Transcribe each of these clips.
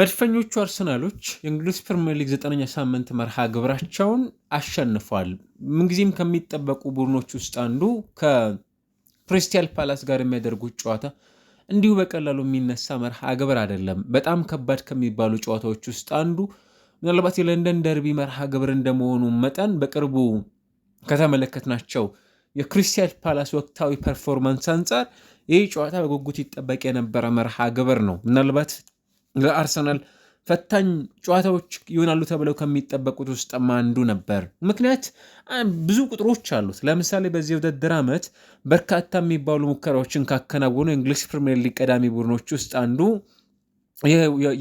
መድፈኞቹ አርሰናሎች የእንግሊዝ ፕሪምየር ሊግ ዘጠነኛ ሳምንት መርሃ ግብራቸውን አሸንፏል። ምንጊዜም ከሚጠበቁ ቡድኖች ውስጥ አንዱ ከክሪስታል ፓላስ ጋር የሚያደርጉት ጨዋታ እንዲሁ በቀላሉ የሚነሳ መርሃ ግብር አይደለም። በጣም ከባድ ከሚባሉ ጨዋታዎች ውስጥ አንዱ ምናልባት የለንደን ደርቢ መርሃ ግብር እንደመሆኑ መጠን በቅርቡ ከተመለከትናቸው የክሪስታል ፓላስ ወቅታዊ ፐርፎርማንስ አንጻር ይህ ጨዋታ በጉጉት ይጠበቅ የነበረ መርሃ ግብር ነው። ምናልባት ለአርሰናል ፈታኝ ጨዋታዎች ይሆናሉ ተብለው ከሚጠበቁት ውስጥም አንዱ ነበር። ምክንያት ብዙ ቁጥሮች አሉት። ለምሳሌ በዚህ ውድድር ዓመት በርካታ የሚባሉ ሙከራዎችን ካከናወኑ የእንግሊዝ ፕሪምየር ሊግ ቀዳሚ ቡድኖች ውስጥ አንዱ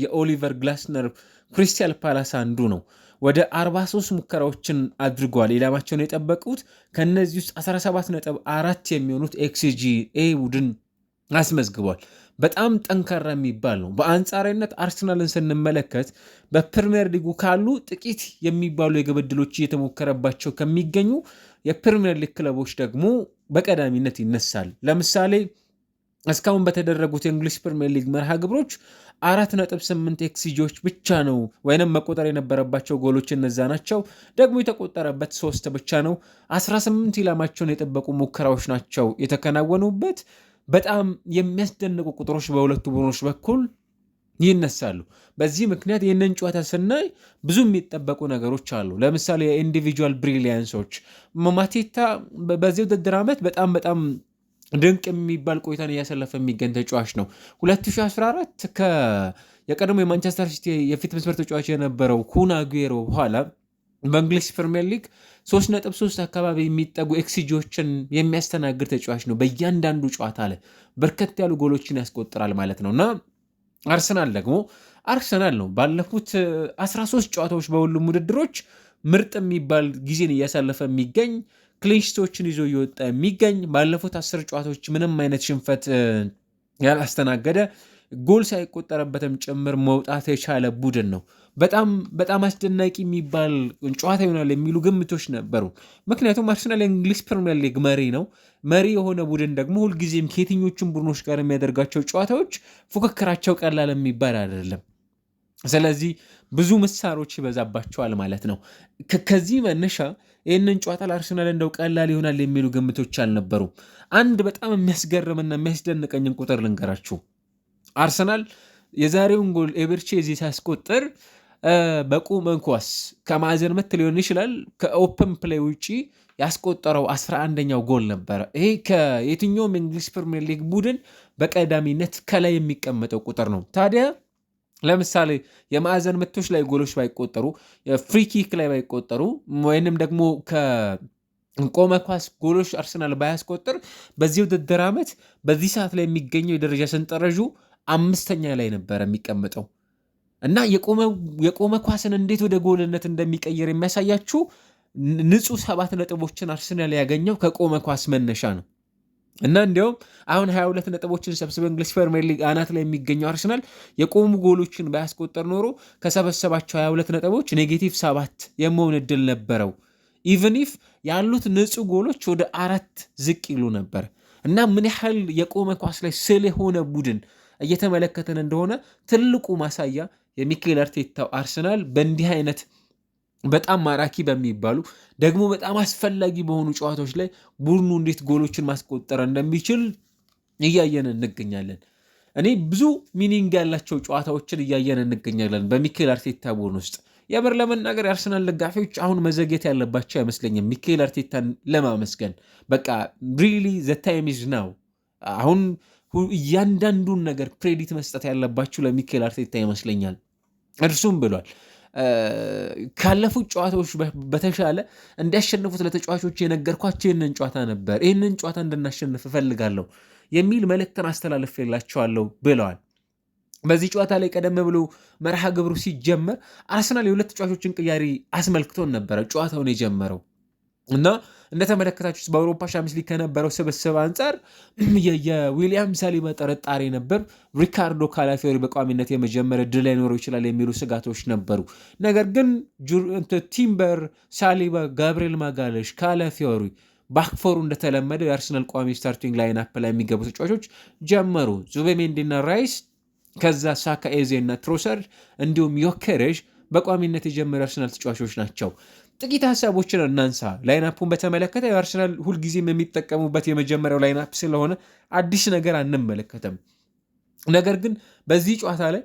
የኦሊቨር ግላስነር ክሪስታል ፓላስ አንዱ ነው። ወደ 43 ሙከራዎችን አድርጓል ኢላማቸውን የጠበቁት። ከእነዚህ ውስጥ 17 ነጥብ አራት የሚሆኑት ኤክስጂ ኤ ቡድን አስመዝግቧል። በጣም ጠንካራ የሚባል ነው። በአንጻራዊነት አርሰናልን ስንመለከት በፕሪምየር ሊጉ ካሉ ጥቂት የሚባሉ የግብ ዕድሎች እየተሞከረባቸው ከሚገኙ የፕሪምየር ሊግ ክለቦች ደግሞ በቀዳሚነት ይነሳል። ለምሳሌ እስካሁን በተደረጉት የእንግሊዝ ፕሪምየር ሊግ መርሃ ግብሮች አራት ነጥብ ስምንት ኤክስጂዎች ብቻ ነው ወይም መቆጠር የነበረባቸው ጎሎች እነዛ ናቸው። ደግሞ የተቆጠረበት ሶስት ብቻ ነው። 18 ኢላማቸውን የጠበቁ ሙከራዎች ናቸው የተከናወኑበት። በጣም የሚያስደንቁ ቁጥሮች በሁለቱ ቡድኖች በኩል ይነሳሉ። በዚህ ምክንያት ይህንን ጨዋታ ስናይ ብዙ የሚጠበቁ ነገሮች አሉ። ለምሳሌ የኢንዲቪጁዋል ብሪሊያንሶች ማቴታ በዚህ ውድድር ዓመት በጣም በጣም ድንቅ የሚባል ቆይታን እያሰለፈ የሚገኝ ተጫዋች ነው። 2014 የቀድሞ የማንቸስተር ሲቲ የፊት መስመር ተጫዋች የነበረው ኩን አጉዌሮ በኋላ በእንግሊዝ ፕሪምየር ሊግ 3.3 አካባቢ የሚጠጉ ኤክስጂዎችን የሚያስተናግድ ተጫዋች ነው። በእያንዳንዱ ጨዋታ ላይ በርከት ያሉ ጎሎችን ያስቆጥራል ማለት ነው እና አርሰናል ደግሞ አርሰናል ነው። ባለፉት 13 ጨዋታዎች በሁሉም ውድድሮች ምርጥ የሚባል ጊዜን እያሳለፈ የሚገኝ ክሊንሽቶችን ይዞ እየወጣ የሚገኝ ባለፉት አስር ጨዋታዎች ምንም አይነት ሽንፈት ያላስተናገደ ጎል ሳይቆጠረበትም ጭምር መውጣት የቻለ ቡድን ነው። በጣም በጣም አስደናቂ የሚባል ጨዋታ ይሆናል የሚሉ ግምቶች ነበሩ። ምክንያቱም አርሰናል የእንግሊዝ ፕሪምየር ሊግ መሪ ነው። መሪ የሆነ ቡድን ደግሞ ሁልጊዜም ከየትኞቹም ቡድኖች ጋር የሚያደርጋቸው ጨዋታዎች ፉክክራቸው ቀላል የሚባል አይደለም። ስለዚህ ብዙ ምሳሮች ይበዛባቸዋል ማለት ነው። ከዚህ መነሻ ይህንን ጨዋታ ለአርሰናል እንደው ቀላል ይሆናል የሚሉ ግምቶች አልነበሩ። አንድ በጣም የሚያስገርምና የሚያስደንቀኝን ቁጥር ልንገራችሁ አርሰናል የዛሬውን ጎል ኤበርቼዚ ሲያስቆጥር በቁመን ኳስ ከማዕዘን ምት ሊሆን ይችላል ከኦፕን ፕሌይ ውጪ ያስቆጠረው አስራ አንደኛው ጎል ነበረ። ይሄ ከየትኛውም እንግሊዝ ፕሪሚየር ሊግ ቡድን በቀዳሚነት ከላይ የሚቀመጠው ቁጥር ነው። ታዲያ ለምሳሌ የማዕዘን ምቶች ላይ ጎሎች ባይቆጠሩ፣ ፍሪኪክ ላይ ባይቆጠሩ ወይንም ደግሞ ቆመ ኳስ ጎሎች አርሰናል ባያስቆጥር በዚህ ውድድር ዓመት በዚህ ሰዓት ላይ የሚገኘው የደረጃ ስንጠረዡ አምስተኛ ላይ ነበረ የሚቀመጠው እና የቆመ ኳስን እንዴት ወደ ጎልነት እንደሚቀይር የሚያሳያችሁ ንጹህ ሰባት ነጥቦችን አርሰናል ያገኘው ከቆመ ኳስ መነሻ ነው እና እንዲያውም አሁን 22 ነጥቦችን ሰብስበ እንግሊዝ ፕሪሚየር ሊግ አናት ላይ የሚገኘው አርሰናል የቆሙ ጎሎችን ባያስቆጠር ኖሮ ከሰበሰባቸው 22 ነጥቦች ኔጌቲቭ ሰባት የመሆን እድል ነበረው። ኢቨን ኢፍ ያሉት ንጹህ ጎሎች ወደ አራት ዝቅ ይሉ ነበር እና ምን ያህል የቆመ ኳስ ላይ ስል የሆነ ቡድን እየተመለከተን እንደሆነ ትልቁ ማሳያ የሚኬል አርቴታው አርሰናል በእንዲህ አይነት በጣም ማራኪ በሚባሉ ደግሞ በጣም አስፈላጊ በሆኑ ጨዋታዎች ላይ ቡድኑ እንዴት ጎሎችን ማስቆጠር እንደሚችል እያየን እንገኛለን። እኔ ብዙ ሚኒንግ ያላቸው ጨዋታዎችን እያየን እንገኛለን በሚኬል አርቴታ ቡድን ውስጥ። የምር ለመናገር የአርሰናል ደጋፊዎች አሁን መዘግየት ያለባቸው አይመስለኝም ሚኬል አርቴታን ለማመስገን። በቃ ሪሊ ዘ ታይም ኢዝ ናው አሁን እያንዳንዱን ነገር ክሬዲት መስጠት ያለባችሁ ለሚካኤል አርቴታ ይመስለኛል። እርሱም ብሏል ካለፉት ጨዋታዎች በተሻለ እንዲያሸንፉት ለተጫዋቾች የነገርኳቸው ይህንን ጨዋታ ነበር። ይህንን ጨዋታ እንድናሸንፍ እፈልጋለሁ የሚል መልእክትን አስተላልፌላቸዋለሁ ብለዋል። በዚህ ጨዋታ ላይ ቀደም ብሎ መርሃ ግብሩ ሲጀመር አርሰናል የሁለት ተጫዋቾችን ቅያሪ አስመልክቶን ነበረ ጨዋታውን የጀመረው እንደተመለከታችሁት በአውሮፓ ሻምስ ሊግ ከነበረው ስብስብ አንጻር የዊሊያም ሳሊባ ጥርጣሬ ነበር። ሪካርዶ ካላፊዮሪ በቋሚነት የመጀመር ድል ላይኖረው ይችላል የሚሉ ስጋቶች ነበሩ። ነገር ግን ቲምበር፣ ሳሊባ፣ ጋብሪኤል ማጋለሽ፣ ካላፊዮሪ ባክፎሩ እንደተለመደው የአርሰናል ቋሚ ስታርቲንግ ላይን አፕ ላይ የሚገቡ ተጫዋቾች ጀመሩ። ዙቤሜንዲና ራይስ፣ ከዛ ሳካ፣ ኤዜ እና ትሮሰርድ እንዲሁም ዮኬሬዥ በቋሚነት የጀመሩ አርሰናል ተጫዋቾች ናቸው። ጥቂት ሀሳቦችን እናንሳ። ላይናፑን በተመለከተ የአርሰናል ሁልጊዜም የሚጠቀሙበት የመጀመሪያው ላይናፕ ስለሆነ አዲስ ነገር አንመለከተም። ነገር ግን በዚህ ጨዋታ ላይ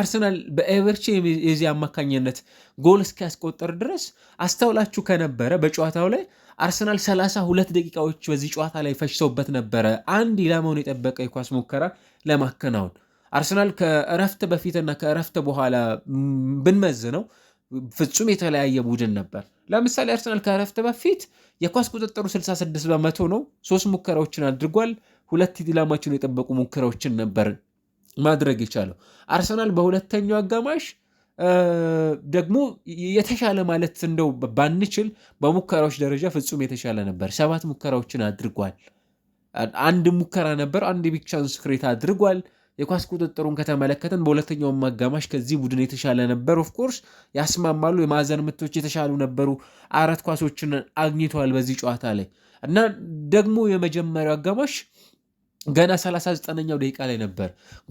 አርሰናል በኤቨርቼ የዚህ አማካኝነት ጎል እስኪያስቆጠር ድረስ አስተውላችሁ ከነበረ በጨዋታው ላይ አርሰናል 32 ደቂቃዎች በዚህ ጨዋታ ላይ ፈጅተውበት ነበረ አንድ ኢላማውን የጠበቀ የኳስ ሙከራ ለማከናወን። አርሰናል ከእረፍት በፊትና ከእረፍት በኋላ ብንመዝ ነው ፍጹም የተለያየ ቡድን ነበር። ለምሳሌ አርሰናል ከረፍት በፊት የኳስ ቁጥጥሩ 66 በመቶ ነው። ሶስት ሙከራዎችን አድርጓል። ሁለት ኢላማቸውን የጠበቁ ሙከራዎችን ነበር ማድረግ የቻለው አርሰናል። በሁለተኛው አጋማሽ ደግሞ የተሻለ ማለት እንደው ባንችል በሙከራዎች ደረጃ ፍጹም የተሻለ ነበር። ሰባት ሙከራዎችን አድርጓል። አንድ ሙከራ ነበር፣ አንድ ቢግ ቻንስ ክሬት አድርጓል። የኳስ ቁጥጥሩን ከተመለከተን በሁለተኛውም አጋማሽ ከዚህ ቡድን የተሻለ ነበር። ኦፍኮርስ ያስማማሉ። የማዕዘን ምቶች የተሻሉ ነበሩ። አራት ኳሶችን አግኝተዋል በዚህ ጨዋታ ላይ እና ደግሞ የመጀመሪያው አጋማሽ ገና 39ኛው ደቂቃ ላይ ነበር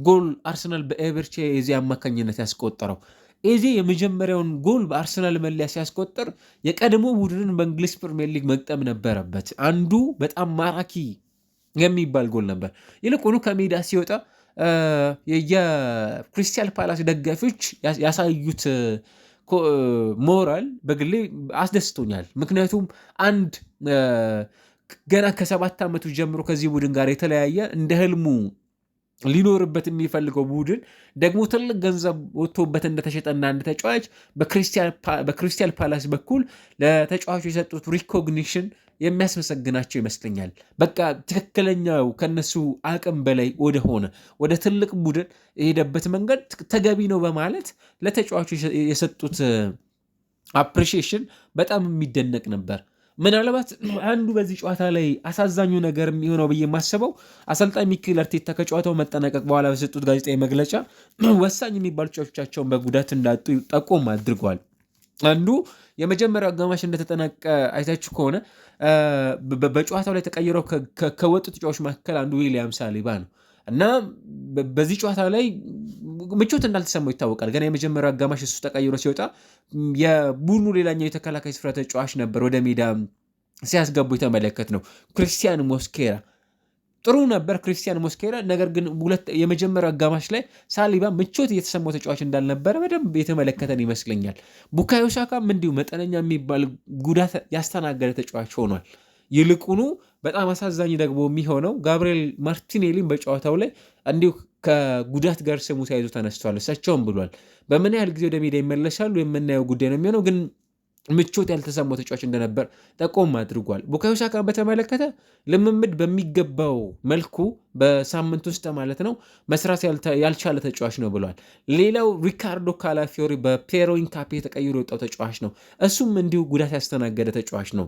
ጎል አርሰናል በኤቨርቼ ኤዜ አማካኝነት ያስቆጠረው። ኤዜ የመጀመሪያውን ጎል በአርሰናል መለያ ሲያስቆጠር የቀድሞ ቡድንን በእንግሊዝ ፕሪሚየር ሊግ መግጠም ነበረበት። አንዱ በጣም ማራኪ የሚባል ጎል ነበር። ይልቁኑ ከሜዳ ሲወጣ የክሪስታል ፓላስ ደጋፊዎች ያሳዩት ሞራል በግሌ አስደስቶኛል። ምክንያቱም አንድ ገና ከሰባት ዓመቱ ጀምሮ ከዚህ ቡድን ጋር የተለያየ እንደ ህልሙ ሊኖርበት የሚፈልገው ቡድን ደግሞ ትልቅ ገንዘብ ወጥቶበት እንደተሸጠና እና አንድ ተጫዋች በክሪስታል ፓላስ በኩል ለተጫዋቹ የሰጡት ሪኮግኒሽን የሚያስመሰግናቸው ይመስለኛል። በቃ ትክክለኛው ከነሱ አቅም በላይ ወደ ሆነ ወደ ትልቅ ቡድን የሄደበት መንገድ ተገቢ ነው በማለት ለተጫዋቾች የሰጡት አፕሪሺዬሽን በጣም የሚደነቅ ነበር። ምናልባት አንዱ በዚህ ጨዋታ ላይ አሳዛኙ ነገር የሚሆነው ብዬ የማስበው አሰልጣኝ ሚኬል አርቴታ ከጨዋታው መጠናቀቅ በኋላ በሰጡት ጋዜጣዊ መግለጫ ወሳኝ የሚባሉ ተጫዋቾቻቸውን በጉዳት እንዳጡ ጠቆም አድርጓል። አንዱ የመጀመሪያው አጋማሽ እንደተጠናቀ አይታችሁ ከሆነ በጨዋታው ላይ ተቀይረው ከወጡ ተጫዋቾች መካከል አንዱ ዊሊያም ሳሊባ ነው እና በዚህ ጨዋታ ላይ ምቾት እንዳልተሰማው ይታወቃል። ገና የመጀመሪያው አጋማሽ እሱ ተቀይሮ ሲወጣ የቡድኑ ሌላኛው የተከላካይ ስፍራ ተጫዋች ነበር ወደ ሜዳ ሲያስገቡ የተመለከት ነው ክርስቲያን ሞስኬራ ጥሩ ነበር ክሪስቲያን ሞስኬራ። ነገር ግን ሁለት የመጀመሪያው አጋማሽ ላይ ሳሊባ ምቾት እየተሰማው ተጫዋች እንዳልነበረ በደንብ የተመለከተን ይመስለኛል። ቡካዮ ሳካም እንዲሁ መጠነኛ የሚባል ጉዳት ያስተናገደ ተጫዋች ሆኗል። ይልቁኑ በጣም አሳዛኝ ደግሞ የሚሆነው ጋብሪኤል ማርቲኔሊን በጨዋታው ላይ እንዲሁ ከጉዳት ጋር ስሙ ተያይዞ ተነስቷል። እሳቸውም ብሏል። በምን ያህል ጊዜ ወደ ሜዳ ይመለሳሉ የምናየው ጉዳይ ነው የሚሆነው ግን ምቾት ያልተሰማው ተጫዋች እንደነበር ጠቆም አድርጓል። ቡካዮ ሳካን በተመለከተ ልምምድ በሚገባው መልኩ በሳምንት ውስጥ ማለት ነው መስራት ያልቻለ ተጫዋች ነው ብሏል። ሌላው ሪካርዶ ካላፊዮሪ በፔሮ ኢንካፔ ተቀይሮ የወጣው ተጫዋች ነው። እሱም እንዲሁ ጉዳት ያስተናገደ ተጫዋች ነው።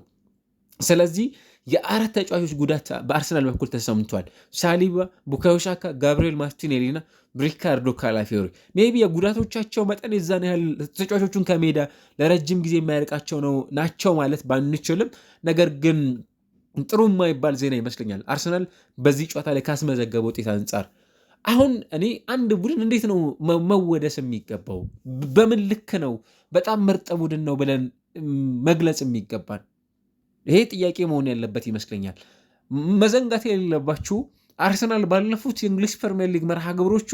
ስለዚህ የአራት ተጫዋቾች ጉዳት በአርሰናል በኩል ተሰምቷል። ሳሊባ፣ ቡካዮሻካ፣ ጋብርኤል ጋብሪኤል ማርቲኔሊ እና ሪካርዶ ካላፊዮሪ ቢ የጉዳቶቻቸው መጠን የዛን ያህል ተጫዋቾቹን ከሜዳ ለረጅም ጊዜ የማያርቃቸው ነው ናቸው ማለት ባንችልም ነገር ግን ጥሩ የማይባል ዜና ይመስለኛል አርሰናል በዚህ ጨዋታ ላይ ካስመዘገበ ውጤት አንጻር አሁን እኔ አንድ ቡድን እንዴት ነው መወደስ የሚገባው? በምን ልክ ነው በጣም ምርጥ ቡድን ነው ብለን መግለጽ የሚገባን? ይሄ ጥያቄ መሆን ያለበት ይመስለኛል። መዘንጋት የሌለባችሁ አርሰናል ባለፉት የእንግሊዝ ፕሪምየር ሊግ መርሃ ግብሮቹ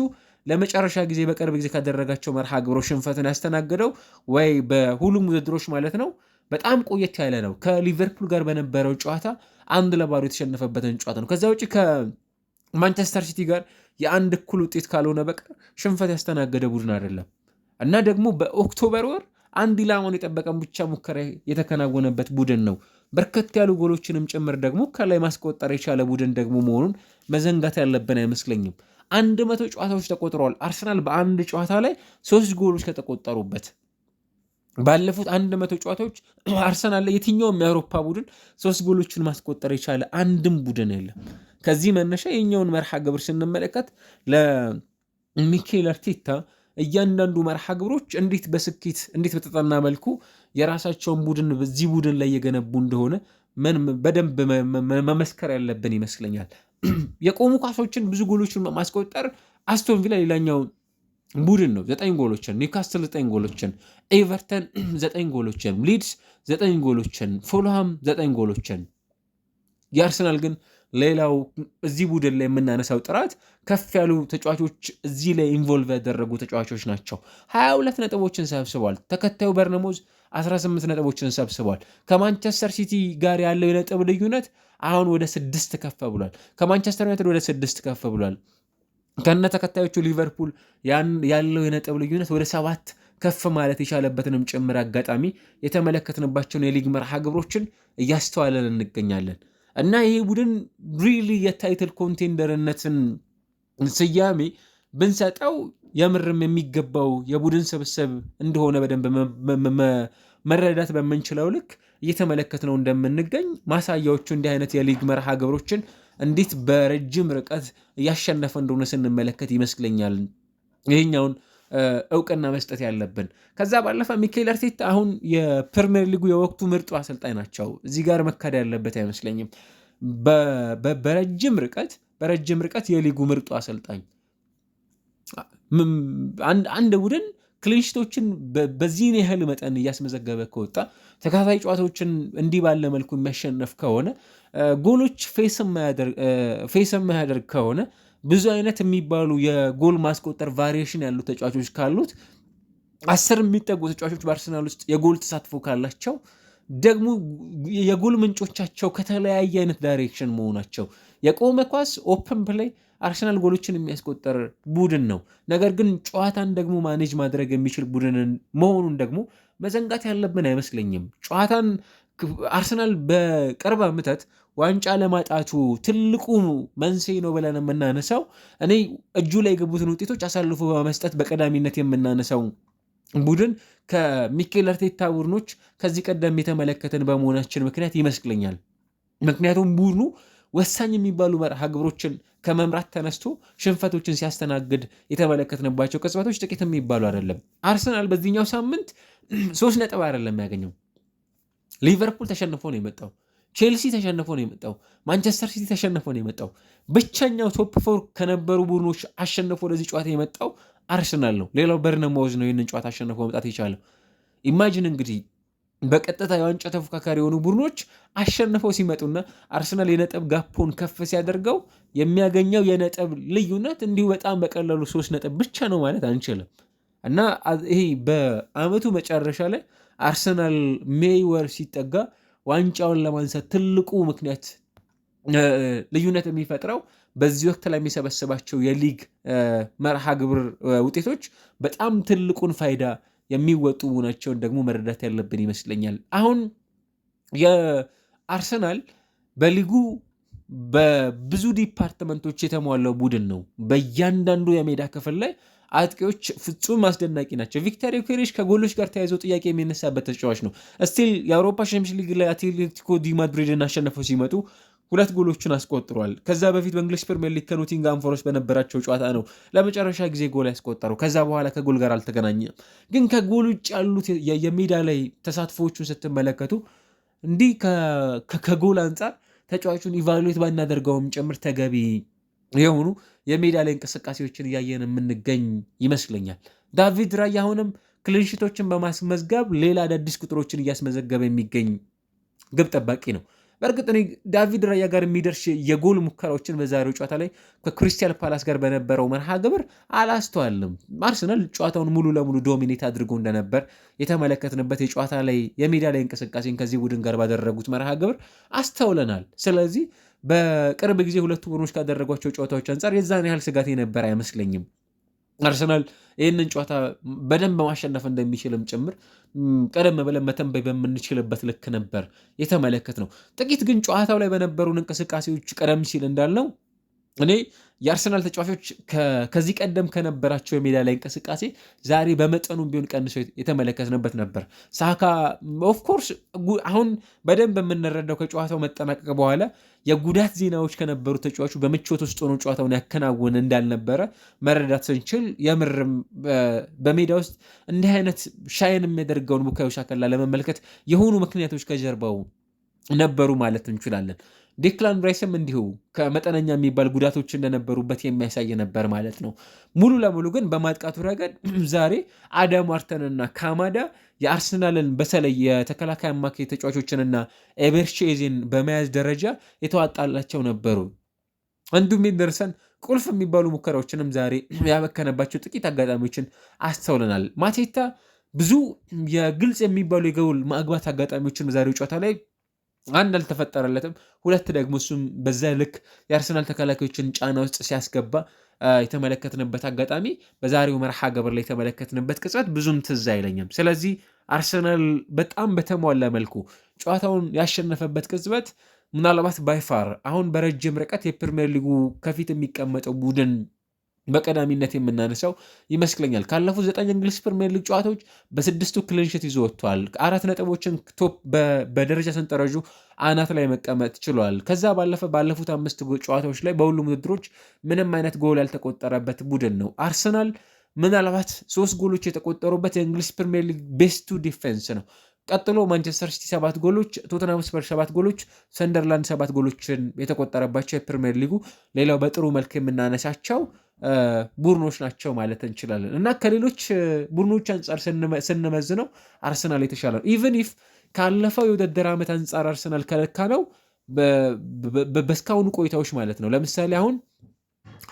ለመጨረሻ ጊዜ በቅርብ ጊዜ ካደረጋቸው መርሃ ግብሮች ሽንፈትን ያስተናገደው ወይ በሁሉም ውድድሮች ማለት ነው በጣም ቆየት ያለ ነው። ከሊቨርፑል ጋር በነበረው ጨዋታ አንድ ለባዶ የተሸነፈበትን ጨዋታ ነው። ከዚያ ውጭ ከማንቸስተር ሲቲ ጋር የአንድ እኩል ውጤት ካልሆነ በቀር ሽንፈት ያስተናገደ ቡድን አይደለም እና ደግሞ በኦክቶበር ወር አንድ ኢላማውን የጠበቀን ብቻ ሙከራ የተከናወነበት ቡድን ነው። በርከት ያሉ ጎሎችንም ጭምር ደግሞ ከላይ ማስቆጠር የቻለ ቡድን ደግሞ መሆኑን መዘንጋት ያለብን አይመስለኝም። አንድ መቶ ጨዋታዎች ተቆጥረዋል። አርሰናል በአንድ ጨዋታ ላይ ሶስት ጎሎች ከተቆጠሩበት ባለፉት አንድ መቶ ጨዋታዎች አርሰናል ላይ የትኛውም የአውሮፓ ቡድን ሶስት ጎሎችን ማስቆጠር የቻለ አንድም ቡድን የለም። ከዚህ መነሻ የኛውን መርሃ ግብር ስንመለከት ለሚኬል አርቴታ እያንዳንዱ መርሃ ግብሮች እንዴት በስኬት እንዴት በተጠና መልኩ የራሳቸውን ቡድን በዚህ ቡድን ላይ የገነቡ እንደሆነ በደንብ መመስከር ያለብን ይመስለኛል። የቆሙ ኳሶችን ብዙ ጎሎችን ማስቆጠር አስቶን ቪላ ሌላኛው ቡድን ነው። ዘጠኝ ጎሎችን፣ ኒውካስትል ዘጠኝ ጎሎችን፣ ኤቨርተን ዘጠኝ ጎሎችን፣ ሊድስ ዘጠኝ ጎሎችን፣ ፉልሃም ዘጠኝ ጎሎችን የአርሰናል ግን ሌላው እዚህ ቡድን ላይ የምናነሳው ጥራት ከፍ ያሉ ተጫዋቾች እዚህ ላይ ኢንቮልቭ ያደረጉ ተጫዋቾች ናቸው። 22 ነጥቦችን ሰብስቧል። ተከታዩ በርነሞዝ 18 ነጥቦችን ሰብስቧል። ከማንቸስተር ሲቲ ጋር ያለው የነጥብ ልዩነት አሁን ወደ ስድስት ከፍ ብሏል። ከማንቸስተር ዩናይትድ ወደ ስድስት ከፍ ብሏል። ከነ ተከታዮቹ ሊቨርፑል ያለው የነጥብ ልዩነት ወደ ሰባት ከፍ ማለት የቻለበትንም ጭምር አጋጣሚ የተመለከትንባቸውን የሊግ መርሃ ግብሮችን እያስተዋለን እንገኛለን። እና ይሄ ቡድን ሪሊ የታይትል ኮንቴንደርነትን ስያሜ ብንሰጠው የምርም የሚገባው የቡድን ስብስብ እንደሆነ በደንብ መረዳት በምንችለው ልክ እየተመለከት ነው እንደምንገኝ ማሳያዎቹ እንዲህ አይነት የሊግ መርሃ ግብሮችን እንዴት በረጅም ርቀት እያሸነፈ እንደሆነ ስንመለከት ይመስለኛል ይህኛውን እውቅና መስጠት ያለብን። ከዛ ባለፈ ሚኬል አርቴታ አሁን የፕሪምየር ሊጉ የወቅቱ ምርጡ አሰልጣኝ ናቸው። እዚህ ጋር መካድ ያለበት አይመስለኝም። በረጅም ርቀት በረጅም ርቀት የሊጉ ምርጡ አሰልጣኝ አንድ ቡድን ክሊንሽቶችን በዚህን ያህል መጠን እያስመዘገበ ከወጣ ተከታታይ ጨዋታዎችን እንዲህ ባለ መልኩ የሚያሸነፍ ከሆነ ጎሎች ፌስ የማያደርግ ከሆነ ብዙ አይነት የሚባሉ የጎል ማስቆጠር ቫሪዬሽን ያሉ ተጫዋቾች ካሉት አስር የሚጠጉ ተጫዋቾች በአርሰናል ውስጥ የጎል ተሳትፎ ካላቸው ደግሞ የጎል ምንጮቻቸው ከተለያየ አይነት ዳይሬክሽን መሆናቸው የቆመ ኳስ ኦፕን ፕሌይ አርሰናል ጎሎችን የሚያስቆጠር ቡድን ነው። ነገር ግን ጨዋታን ደግሞ ማኔጅ ማድረግ የሚችል ቡድን መሆኑን ደግሞ መዘንጋት ያለብን አይመስለኝም። ጨዋታን አርሰናል በቅርብ ምተት ዋንጫ ለማጣቱ ትልቁ መንስኤ ነው ብለን የምናነሳው እኔ እጁ ላይ የገቡትን ውጤቶች አሳልፎ በመስጠት በቀዳሚነት የምናነሳው ቡድን ከሚኬል አርቴታ ቡድኖች ከዚህ ቀደም የተመለከትን በመሆናችን ምክንያት ይመስለኛል። ምክንያቱም ቡድኑ ወሳኝ የሚባሉ መርሃ ግብሮችን ከመምራት ተነስቶ ሽንፈቶችን ሲያስተናግድ የተመለከትንባቸው ቅጽበቶች ጥቂት የሚባሉ አይደለም። አርሰናል በዚህኛው ሳምንት ሶስት ነጥብ አይደለም ያገኘው ሊቨርፑል ተሸንፎ ነው የመጣው። ቼልሲ ተሸንፎ ነው የመጣው። ማንቸስተር ሲቲ ተሸንፎ ነው የመጣው። ብቸኛው ቶፕ ፎር ከነበሩ ቡድኖች አሸንፎ ወደዚህ ጨዋታ የመጣው አርሰናል ነው። ሌላው በርነማውዝ ነው ይህንን ጨዋታ አሸንፎ መምጣት የቻለው። ኢማጂን እንግዲህ በቀጥታ የዋንጫ ተፎካካሪ የሆኑ ቡድኖች አሸንፈው ሲመጡና አርሰናል የነጥብ ጋፖን ከፍ ሲያደርገው የሚያገኘው የነጥብ ልዩነት እንዲሁ በጣም በቀላሉ ሶስት ነጥብ ብቻ ነው ማለት አንችልም እና ይሄ በአመቱ መጨረሻ ላይ አርሰናል ሜይ ወር ሲጠጋ ዋንጫውን ለማንሳት ትልቁ ምክንያት ልዩነት የሚፈጥረው በዚህ ወቅት ላይ የሚሰበሰባቸው የሊግ መርሃ ግብር ውጤቶች በጣም ትልቁን ፋይዳ የሚወጡ መሆናቸውን ደግሞ መረዳት ያለብን ይመስለኛል። አሁን የአርሰናል በሊጉ በብዙ ዲፓርትመንቶች የተሟላው ቡድን ነው። በእያንዳንዱ የሜዳ ክፍል ላይ አጥቂዎች ፍጹም አስደናቂ ናቸው። ቪክተር ዩኬሬሽ ከጎሎች ጋር ተያይዘው ጥያቄ የሚነሳበት ተጫዋች ነው። እስቲል የአውሮፓ ሻምፒዮንስ ሊግ ላይ አትሌቲኮ ዲ ማድሪድን አሸነፈው ሲመጡ ሁለት ጎሎቹን አስቆጥሯል። ከዛ በፊት በእንግሊሽ ፕሪሚየር ሊግ ከኖቲንግሃም ፎረስት በነበራቸው ጨዋታ ነው ለመጨረሻ ጊዜ ጎል ያስቆጠረው። ከዛ በኋላ ከጎል ጋር አልተገናኘም። ግን ከጎል ውጭ ያሉት የሜዳ ላይ ተሳትፎዎቹን ስትመለከቱ እንዲህ ከጎል አንጻር ተጫዋቹን ኢቫሉዌት ባናደርገውም ጭምር ተገቢ የሆኑ የሜዳ ላይ እንቅስቃሴዎችን እያየን የምንገኝ ይመስለኛል። ዳቪድ ራያ አሁንም ክሊንሺቶችን በማስመዝገብ ሌላ አዳዲስ ቁጥሮችን እያስመዘገበ የሚገኝ ግብ ጠባቂ ነው። በእርግጥ እኔ ዳቪድ ራያ ጋር የሚደርስ የጎል ሙከራዎችን በዛሬው ጨዋታ ላይ ከክሪስታል ፓላስ ጋር በነበረው መርሃ ግብር አላስተዋልም። አርሰናል ጨዋታውን ሙሉ ለሙሉ ዶሚኔት አድርጎ እንደነበር የተመለከትንበት የጨዋታ ላይ የሜዳ ላይ እንቅስቃሴን ከዚህ ቡድን ጋር ባደረጉት መርሃ ግብር አስተውለናል። ስለዚህ በቅርብ ጊዜ ሁለቱ ቡድኖች ካደረጓቸው ጨዋታዎች አንጻር የዛን ያህል ስጋት የነበረ አይመስለኝም። አርሰናል ይህንን ጨዋታ በደንብ ማሸነፍ እንደሚችልም ጭምር ቀደም ብለን መተንበይ በምንችልበት ልክ ነበር የተመለከት ነው። ጥቂት ግን ጨዋታው ላይ በነበሩን እንቅስቃሴዎች ቀደም ሲል እንዳልነው እኔ የአርሰናል ተጫዋቾች ከዚህ ቀደም ከነበራቸው የሜዳ ላይ እንቅስቃሴ ዛሬ በመጠኑም ቢሆን ቀንሶ የተመለከትንበት ነበር። ሳካ ኦፍኮርስ አሁን በደንብ የምንረዳው ከጨዋታው መጠናቀቅ በኋላ የጉዳት ዜናዎች ከነበሩ ተጫዋቹ በምቾት ውስጥ ሆኖ ጨዋታውን ያከናወነ እንዳልነበረ መረዳት ስንችል የምርም በሜዳ ውስጥ እንዲህ አይነት ሻይን የሚያደርገውን ቡካዮ ሳካን ለመመልከት የሆኑ ምክንያቶች ከጀርባው ነበሩ ማለት እንችላለን። ዴክላን ራይስም እንዲሁ ከመጠነኛ የሚባል ጉዳቶች እንደነበሩበት የሚያሳይ ነበር ማለት ነው። ሙሉ ለሙሉ ግን በማጥቃቱ ረገድ ዛሬ አዳም ዋርተንና ካማዳ የአርሰናልን በተለይ የተከላካይ አማካይ ተጫዋቾችንና ኤቨርቼዜን በመያዝ ደረጃ የተዋጣላቸው ነበሩ። እንዲሁም የሚደርሰን ቁልፍ የሚባሉ ሙከራዎችንም ዛሬ ያበከነባቸው ጥቂት አጋጣሚዎችን አስተውለናል። ማቴታ ብዙ የግልጽ የሚባሉ የጎል ማግባት አጋጣሚዎችን በዛሬው ጨዋታ ላይ አንድ አልተፈጠረለትም፣ ሁለት ደግሞ እሱም በዛ ልክ የአርሰናል ተከላካዮችን ጫና ውስጥ ሲያስገባ የተመለከትንበት አጋጣሚ በዛሬው መርሃ ግብር ላይ የተመለከትንበት ቅጽበት ብዙም ትዝ አይለኝም። ስለዚህ አርሰናል በጣም በተሟላ መልኩ ጨዋታውን ያሸነፈበት ቅጽበት ምናልባት ባይፋር አሁን በረጅም ርቀት የፕሪሚየር ሊጉ ከፊት የሚቀመጠው ቡድን በቀዳሚነት የምናነሳው ይመስለኛል። ካለፉት ዘጠኝ እንግሊዝ ፕሪሚየር ሊግ ጨዋታዎች በስድስቱ ክሊንሽት ይዞ ወጥቷል። አራት ነጥቦችን ቶፕ በደረጃ ሰንጠረዡ አናት ላይ መቀመጥ ችሏል። ከዛ ባለፈ ባለፉት አምስት ጨዋታዎች ላይ በሁሉም ውድድሮች ምንም አይነት ጎል ያልተቆጠረበት ቡድን ነው። አርሰናል ምናልባት ሶስት ጎሎች የተቆጠሩበት የእንግሊዝ ፕሪሚየር ሊግ ቤስቱ ዲፌንስ ነው። ቀጥሎ ማንቸስተር ሲቲ ሰባት ጎሎች፣ ቶተናም ስፐር ሰባት ጎሎች፣ ሰንደርላንድ ሰባት ጎሎችን የተቆጠረባቸው የፕሪሚየር ሊጉ ሌላው በጥሩ መልክ የምናነሳቸው ቡድኖች ናቸው ማለት እንችላለን እና ከሌሎች ቡድኖች አንጻር ስንመዝነው አርሰናል የተሻለ ነው። ኢቨን ኢፍ ካለፈው የውድድር ዓመት አንጻር አርሰናል ከለካ ነው በእስካሁኑ ቆይታዎች ማለት ነው። ለምሳሌ አሁን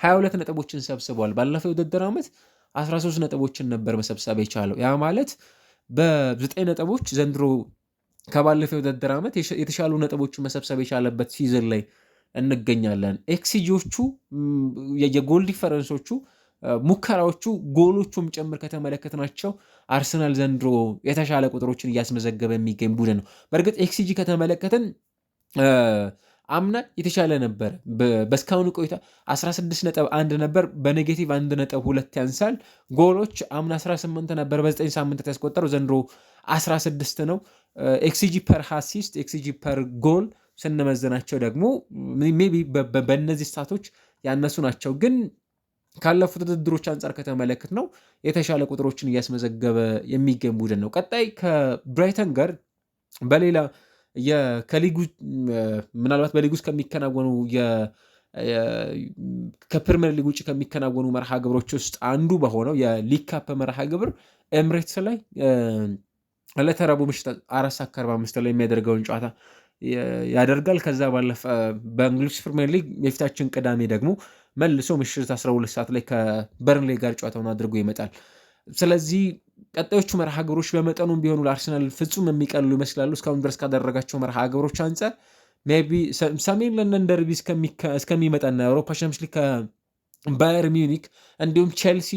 22 ነጥቦችን ሰብስቧል። ባለፈው የውድድር ዓመት 13 ነጥቦችን ነበር መሰብሰብ የቻለው ያ ማለት በዘጠኝ ነጥቦች ዘንድሮ ከባለፈው የውድድር ዓመት የተሻሉ ነጥቦች መሰብሰብ የቻለበት ሲዝን ላይ እንገኛለን። ኤክሲጂዎቹ የጎል ዲፈረንሶቹ፣ ሙከራዎቹ፣ ጎሎቹም ጭምር ከተመለከትናቸው አርሰናል ዘንድሮ የተሻለ ቁጥሮችን እያስመዘገበ የሚገኝ ቡድን ነው። በእርግጥ ኤክሲጂ ከተመለከትን አምና የተሻለ ነበረ። በእስካሁኑ ቆይታ 16 ነጥብ ነበር፣ በኔጌቲቭ አንድ ነጥብ ሁለት ያንሳል። ጎሎች አምና 18 ነበር በ9 ሳምንታት ያስቆጠረው፣ ዘንድሮ 16 ነው። ኤክስጂ ፐር ሃሲስት ኤክስጂ ፐር ጎል ስንመዝናቸው ደግሞ ቢ በእነዚህ ስታቶች ያነሱ ናቸው ግን ካለፉት ውድድሮች አንጻር ከተመለከት ነው የተሻለ ቁጥሮችን እያስመዘገበ የሚገኝ ቡድን ነው። ቀጣይ ከብራይተን ጋር በሌላ ከሊጉ ምናልባት በሊግ ውስጥ ከሚከናወኑ ከፕሪምየር ሊግ ውጭ ከሚከናወኑ መርሃ ግብሮች ውስጥ አንዱ በሆነው የሊግ ካፕ መርሃ ግብር ኤምሬትስ ላይ ለተረቡ ምሽት አራት ሰዓት ከአርባ አምስት ላይ የሚያደርገውን ጨዋታ ያደርጋል። ከዛ ባለፈ በእንግሊዝ ፕሪምየር ሊግ የፊታችን ቅዳሜ ደግሞ መልሶ ምሽት 12 ሰዓት ላይ ከበርንሌ ጋር ጨዋታውን አድርጎ ይመጣል። ስለዚህ ቀጣዮቹ መርሃ ግብሮች በመጠኑም ቢሆኑ ለአርሰናል ፍጹም የሚቀልሉ ይመስላሉ። እስካሁን ድረስ ካደረጋቸው መርሃ ግብሮች አንጻር ቢ ሰሜን ለንደን ደርቢ እስከሚመጣና የአውሮፓ ሻምስ ሊግ ከባየር ሚዩኒክ እንዲሁም ቼልሲ፣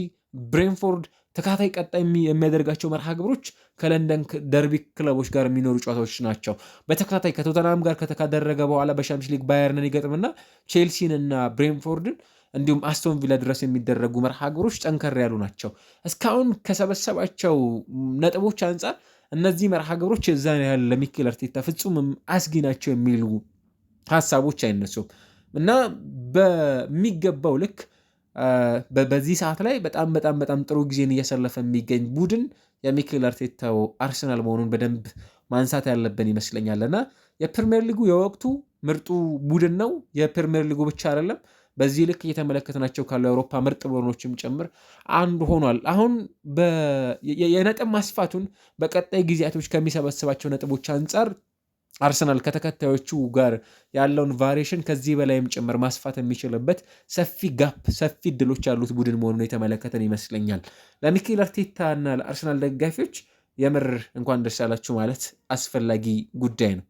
ብሬንፎርድ ተካታይ ቀጣይ የሚያደርጋቸው መርሃ ግብሮች ከለንደን ደርቢ ክለቦች ጋር የሚኖሩ ጨዋታዎች ናቸው። በተከታታይ ከቶተናም ጋር ከተካደረገ በኋላ በሻምስ ሊግ ባየርንን ይገጥምና ቼልሲን እና ብሬንፎርድን እንዲሁም አስቶን ቪላ ድረስ የሚደረጉ መርሃ ግብሮች ጠንከር ያሉ ናቸው። እስካሁን ከሰበሰባቸው ነጥቦች አንጻር እነዚህ መርሃ ግብሮች የዛን ያህል ለሚኬል አርቴታ ፍጹም አስጊ ናቸው የሚሉ ሀሳቦች አይነሱም እና በሚገባው ልክ በዚህ ሰዓት ላይ በጣም በጣም በጣም ጥሩ ጊዜን እያሳለፈ የሚገኝ ቡድን የሚኬል አርቴታው አርሰናል መሆኑን በደንብ ማንሳት ያለብን ይመስለኛል እና የፕሪምየር ሊጉ የወቅቱ ምርጡ ቡድን ነው። የፕሪሚየር ሊጉ ብቻ አይደለም በዚህ ልክ እየተመለከትናቸው ካሉ የአውሮፓ ምርጥ ቡድኖችም ጭምር አንዱ ሆኗል። አሁን የነጥብ ማስፋቱን በቀጣይ ጊዜያቶች ከሚሰበስባቸው ነጥቦች አንጻር አርሰናል ከተከታዮቹ ጋር ያለውን ቫሪሽን ከዚህ በላይም ጭምር ማስፋት የሚችልበት ሰፊ ጋፕ፣ ሰፊ እድሎች ያሉት ቡድን መሆኑን የተመለከተን ይመስለኛል። ለሚኬል አርቴታ እና ለአርሰናል ደጋፊዎች የምር እንኳን አላችሁ ማለት አስፈላጊ ጉዳይ ነው።